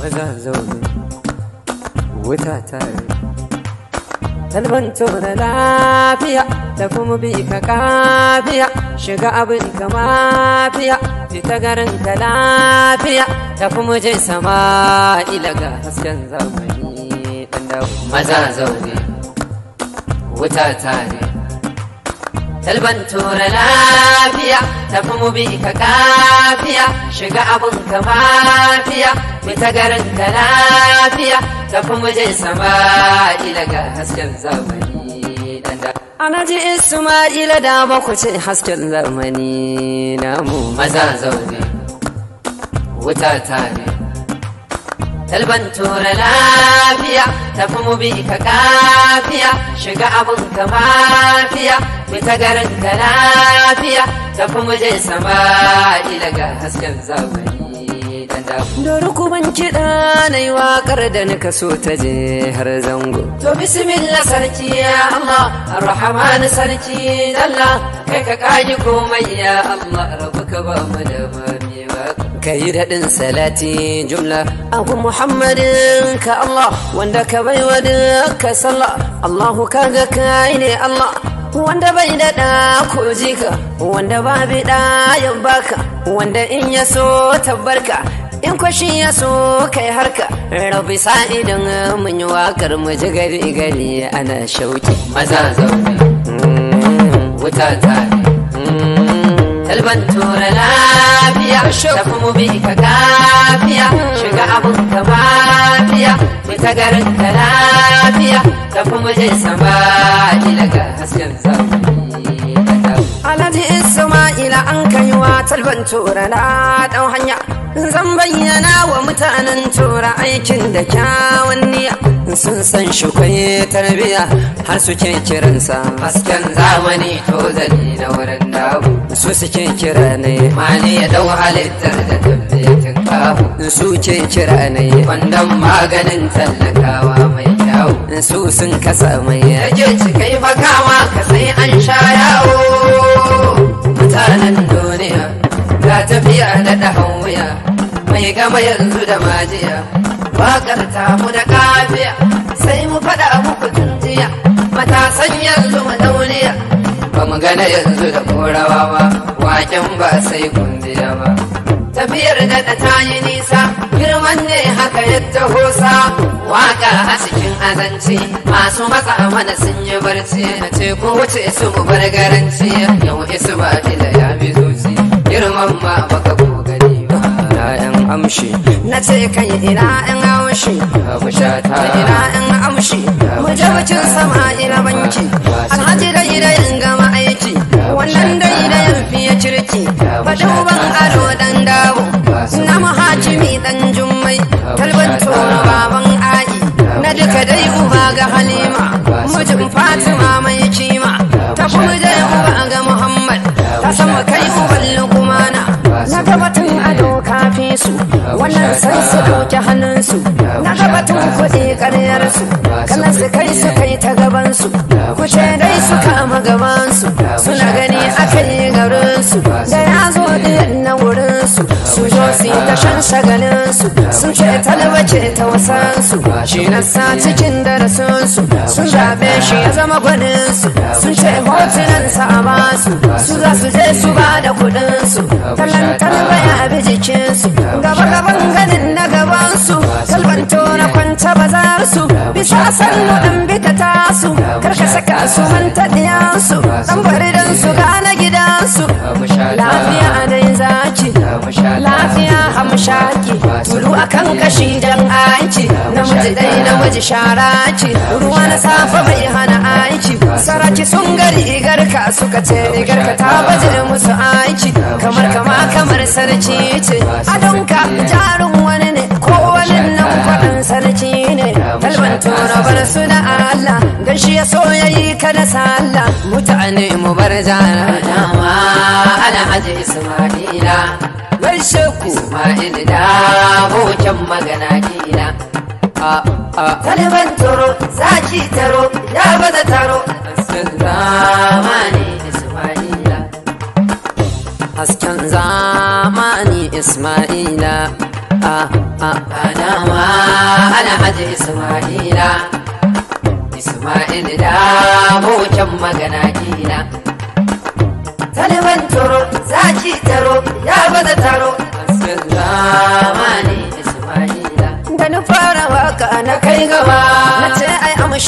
maza zaune wuta tare talbanto da lafiya da kuma bi ka kafiya shiga abin ka mafiya fita garin ka lafiya da kuma je sama ilaga hasken zamani maza zaune wuta tare tura lafiya tafi mu kafiya shiga abun ka mafiya mu ta garin lafiya tafi mu je sama'ila ga hasken zamani Anaji Ismaila da baku hasken zamani namu maza zaune wuta tare talban tura lafiya tafi mu bi ka kafiya shiga abun ka mafiya fita garin ka lafiya tafi mu je sama ila ga hasken zamani Dori kuban kiɗa na yi waƙar da nika so ta je har zango. To bismillah sarki ya Allah, Ar-Rahman sarki Allah, kai ka kaji komai ya Allah, rabu ka ba mu da ba. ka yi daɗin salati jumla abu muhammadin ka Allah wanda ka bai wa ka sallah Allahu ka ga kai ne Allah wanda bai daɗa ko jika wanda babi bi ɗayan baka wanda in ya so tabbarka in kwashi ya so kai harka rabi sa'idan mun yi wakar mu ji gari gari ana shauki maza zaune mm, wuta ta mm, talban tura lafiya tafi mu bi ka kafiya shiga abun ka mafiya fita garin ka lafiya tafi mu je sama ilaga hasken zamani kaiwa talban tura na ɗau hanya zan bayyana wa mutanen tura aikin da kyawun niyya sun san shukwai tarbiya har suke kiransa hasken zamani to zani na wurin dawo su suke kira ne mani ya dau halittar da tabbatin kawo su ke kira ne kwandon maganin tallakawa mai kyau su sun kasa mai yake cikai makawa ka sai an sha gama yanzu da majiya waƙar mu da kafiya sai mu faɗa muku tunjiya matasan yanzu mu ba mu gana yanzu da korawa ba waken ba sai gundiya ba tafiyar da ta tayi nisa girman ne haka yadda hosa waka a cikin azanci masu matsa mana sun yi barci na ce ko wuce su mu bar garanci yau isu ba da ya bi zuci girman ma baka amshi na ce kai ina in haushi ta ina in amshi mu wucin sama ina banki alhaji dai dai in gama aiki wannan dai dai fiye cirki faɗi ban ado dan dawo na muhajimi dan jummai talban tsoron baban aji na duka dai uba ga halima mijin fatima mai san su doki hannunsu na gabatun kuɗi ƙaryarsu kalan su kai su kai ta gabansu kuce dai su kama gabansu suna gani aka yi garinsu da ya zo ɗin na wurinsu su zo su yi ta shan shagalinsu sun ce talbace ta wasansu shi na sa cikin darasinsu sun zaɓe shi ya zama gwaninsu sun ce hotunansa a basu su za su je su ba da kuɗinsu talantar baya bi jikinsu gaba gaban su kalbanto na kwanta bazar su bisa sannu dan bika tasu karka saka su manta diya su dan bari dan su gane gidan su lafiya a dai zaki lafiya hamshaki turu akan kashi dan aiki na miji dai miji shara ce ruwa na safa bai hana aiki saraki sun gari garka suka ce garka ta baje musu aiki kamar kama kamar sarki ce adonka jarin wani wani nan kwaɗan sarki ne talban tura bar su da Allah gashi ya so yayi ka da sallah mutane mu bar jana dama ana aje Isma'ila mai sheku Isma'il da bokin magana kila talban za zaki taro ya bada taro hasken zamani Isma'ila hasken zamani Isma'ila dama ana aje Ismaila Ismail da bocan magana kila Taliban taro za ci taro ya baza taro Asir zamani Ismaila Da na fara waka na kai gaba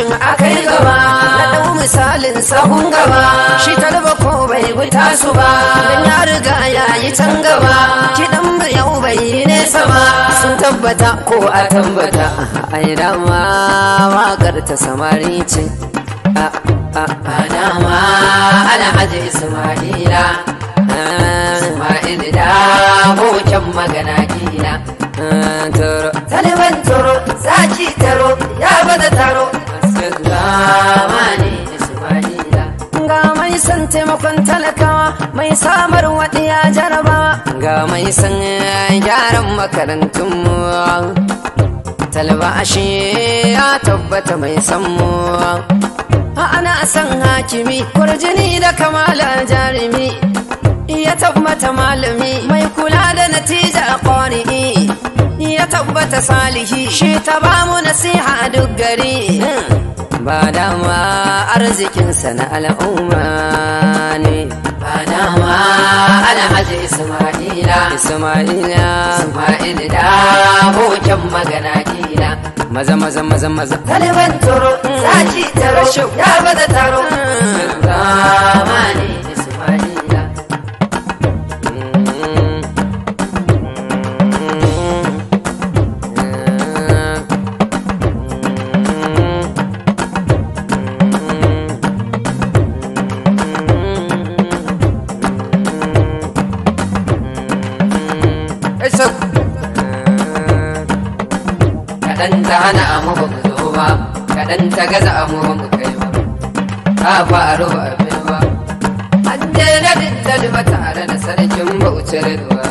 shin akai gaba na ɗau misalin sahun gaba shi talba ko bai wuta su ba dan ya riga ya yi can gaba kiɗan mu yau bai yi nesa ba sun tabbata ko a tambata ai dama waƙar ta samari ce a dama alhaji ismaila ismail da boken magana kila eh, taliban taro zaki taro ya bada taro Ga mai san taimakon talakawa mai samar waɗiya jarabawa ga mai san eh, gyaran makarantun talba ashe ya tabbata mai san ana san hakimi kurjini da kamala jarumi ya tabbata malami mai kula da natija ƙwari'i ya tabbata salihi shi ta bamu nasiha duk gari ba dama arzikinsa na al'umma ne ba dama alhaji isma'ila isma'ila isma'ila da abokin magana kila maza maza maza maza taliban mm. taro saci taro ya baza taro mu mu kai ba ta faru ba bai ba an je na dindali ba tare da sarkin bautar ruwa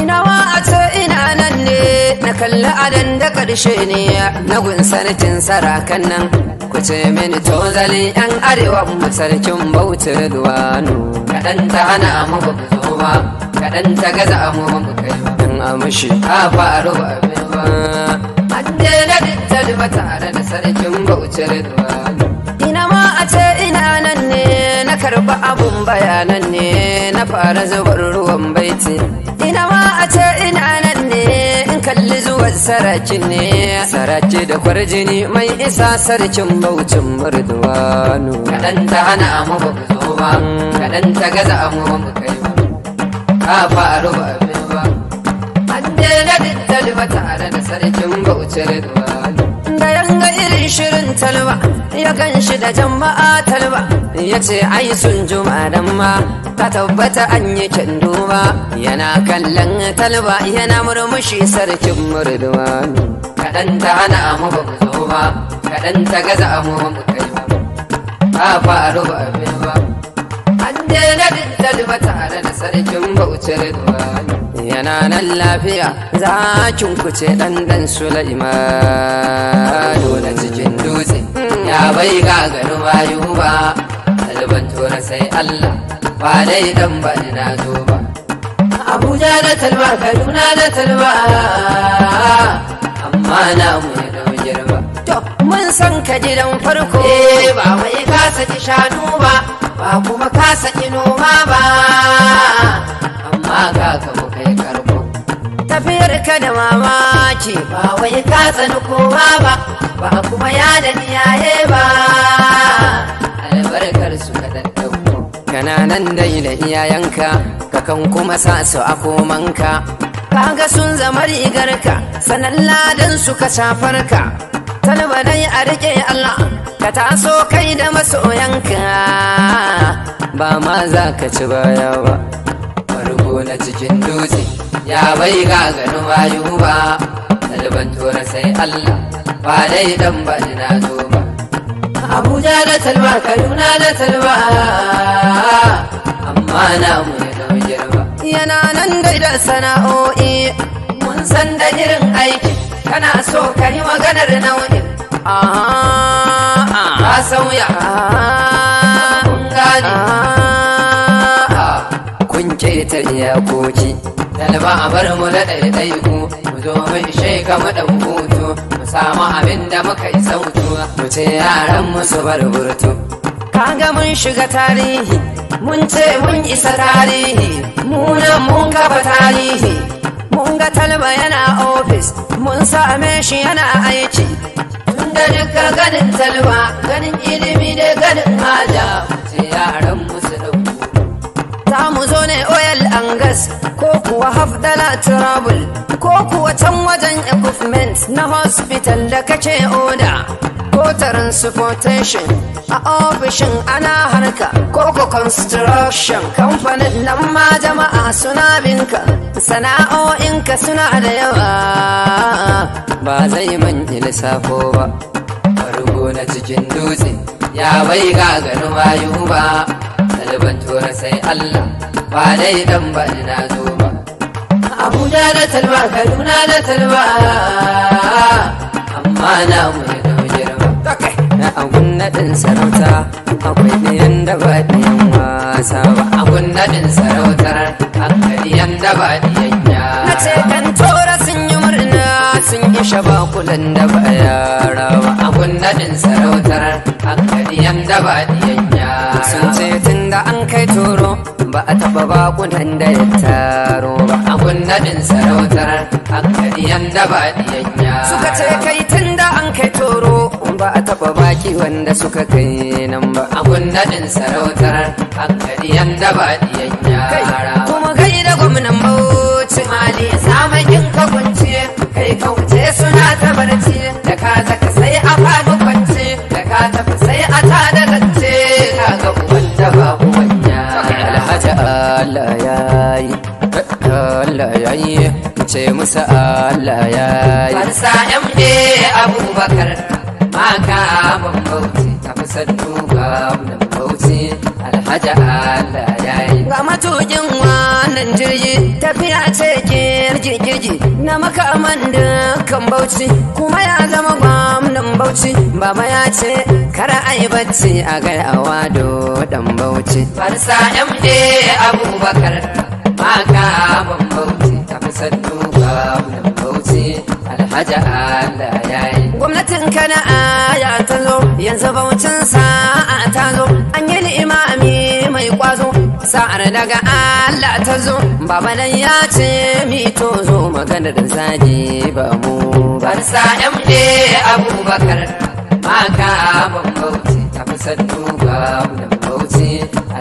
ina wa a ce ina nan ne na kalli adan da ƙarshe ne na gun sarkin sarakan nan ku ce mini tozalin yan arewa mu sarkin bautar ruwa kaɗan ta hana mu ba ku zo ba kaɗan ta gaza mu ba mu kai ba. An amshi. Ta faru ba bai ba. An je na ba tare da sarkin Bauchi Ridwan. Ina ma a ce ina nan ne na karɓi abun bayanan ne na fara zubar ruwan baiti. Ina ma a ce ina nan ne in kalli zuwan saraki ne saraki da kwarjini mai isa sarkin Bauchin Ridwanu. Kaɗan ta hana mu ba mu zo ba, kaɗan ta gaza mu ba mu kai ba. Ka faru ba abin ba. An daina dittal ba tare da sarkin Bauchi Ridwanu. ranga irin shirin talba ya kan shi da jama'a talba ya ce ai sun juma dan ma ta tabbata an yi duba yana kallon talba yana murmushi sarkin murduwa kaɗan ta hana mu ba mu zo ba kaɗan ta gaza mu ba mu kai ba ba a ruba abin ba an daina din talba tare da sarkin bautar duwa yana nan lafiya zakin ku ce ɗanɗan Sulaiman dole cikin dutse ya bai gagaru bayu ba ɗaliban tura sai Allah ba dai dan ba na zo ba Abuja da talba Kaduna da talba amma na mu ya dau girma to mun san ka gidan farko eh ba mai ka saki shanu ba ba kuma ka saki noma ba amma ga ka Tafiyarka karko tafiyar ka da mamaki ba wai ka tsani kowa ba ba kuma ya da iyaye ba albarkar su ka ɗaɗɗauko kana nan dai da iyayenka ka kuma sa su a komanka kaga sun zama rigarka sanan ladan su ka shafarka talba dai a riƙe Allah ka taso kai da masoyanka ba ma za ka ci baya ba na cikin dutse ya bai gano wayo ba talban tora sai Allah ba dai dan ba na zo ba Abuja da talba Kaduna da talba amma na mu ya dau girma yana nan dai da sana'o'i mun san da irin aiki kana so ka yi maganar nau'in a sauya kun gane ƙetare iyakoki dalba a bar mu na ɗaiɗaiku mu zo mun ishe ka mu ɗan hutu mu samu abin da muka yi sautu mu ce yaran mu su bar burtu kaga mun shiga tarihi mun ce mun isa tarihi munan mun kafa tarihi mun ga talba yana ofis mun same shi yana aiki tun da duka ganin talba ganin ilimi da ganin haja mu ce yaran mu ss ko kuwa hafdala travel ko kuwa can wajen equipment na hospital da kace oda ko transportation a ofishin ana harka ko ko construction company. nan ma jama'a suna binka sana'o'inka suna da yawa ba zai manji lissafo ba farko na cikin dutse ya bai gagarin wayo ba tura sai allah ba dai dan ba na zo ba abuja da talba kaduna da talba amma na mu ya dau girma na agun naɗin sarauta akwai ɗayan da ba ɗayan wasa ba agun naɗin sarautar hankali yan da ba ɗayan ya na ce kan tora sun yi murna sun yi shaba kulan da ba yara ba agun naɗin sarautar hankali yan da ba ɗayan ya sun ce tun da an kai toro ba a taɓa kunan da ya taro ba a kunnaɗin sarautar hankali yadda ba ɗiyan yara suka ce kai tun da an kai toro ba a taɓa baki wanda suka kai nan ba a kunnaɗin sarautar hankali yadda ba ɗiyan yara kuma kai da gwamnan bauchi mali yin ka kunce kai ka suna tabarci da ka zaka sai a faɗi kwance da ka tafi sai a tada yayi ce musa, Allah ya yi. kansa MD Abubakar maka mun bauti tafi saddu ga mun bauti Alhaji Allah yi. ga matukin wannan jirgi tafiya ce girgi girgi na makaman kan bauchi kuma ya zama gwamnan bauchi baba ya ce kar ai bacci a awa do dan bauchi farsa MD Abubakar maka mun bauti sannu kana'a alhaji Allah ya yi. Gwamnatin aya yanzu baucin sa'a ta zo an yi li'imami mai kwazo sa'ar daga Allah ta zo baba nan ya ce mito zo maganar zagi ba mu bar sa'yan abubakar maka ban bauchi tafi sannu kawunan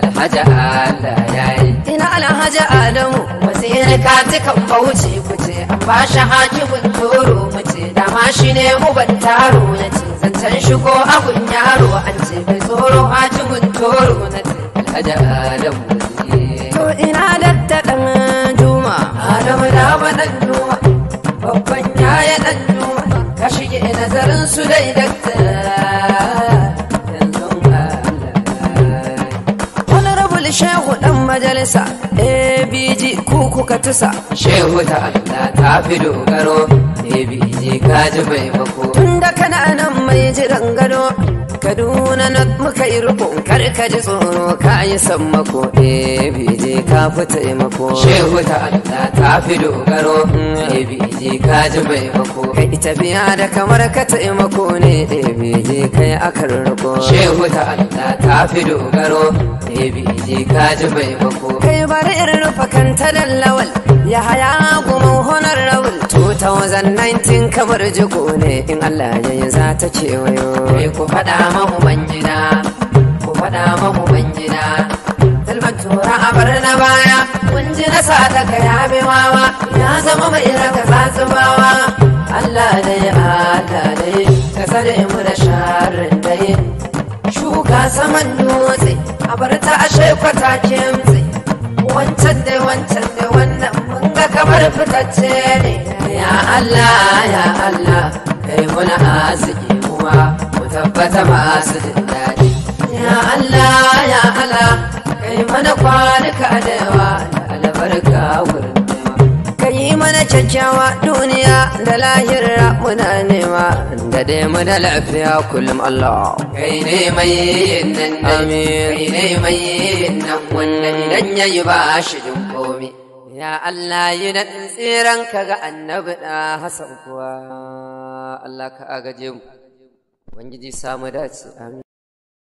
alhaji Allah ya yi. Ina alhaji Adamu wasiri ka cika wuce kuce an ba shi hakimin toro mace dama shi ne uban taro na ce zancen shigo abun yaro an ce bai tsoro hakimin toro na ce alhaji Adamu. To ina dattaɗan juma. Adamu da maɗan juma babban yaya ɗan juma ka shige nazarin su dai daktar. shehu dan majalisa abg ku kuka tusa shehu ta allah ta fi dogaro abg kaji mai mako tun da kana nan mai jiran gado kaduna na muka yi rukun kar ka ji tsoro ka yi sammako eh, je ka fi taimako shehu ta allah ta fi dogaro mm, eh, je ka ji maimako kai biya da kamar ka taimako ne ebije eh, kai akan riko shehu ta allah ta fi dogaro je ka ji maimako kai bari irin rufa kanta dallawal ya haya kuma honorable 2019 kamar jiko ne in Allah ya yi za ta ce wayo ne eh, ku faɗa mahu banjina ku faɗa mahu banjina talman tura a bar na baya kun ji na sa ta kaya mai wawa ya zama mai raka tsatsumawa Allah da ya Allah da ya ka sare mu da sharrin da ya shuka saman dutse a bar ta ashe kwata kimtse wancan da wancan da kamar fitacce ne ya Allah ya Allah kai muna arziki kuma ku tabbata masu jin daɗi ya Allah ya Allah kai mana kwanuka da yawa da albarka wurin yi mana kyakkyawa duniya da lahira muna nema da dai muna lafiya kullum Allah. Kai ne mai yin nan, amin. Kai ne mai yin nan, wannan dan ya yi ba shi jin Ya Allah yi na tsiran ka ga annabi da Hassan kuwa Allah ka agaje mu. Ubangiji samu dace amin.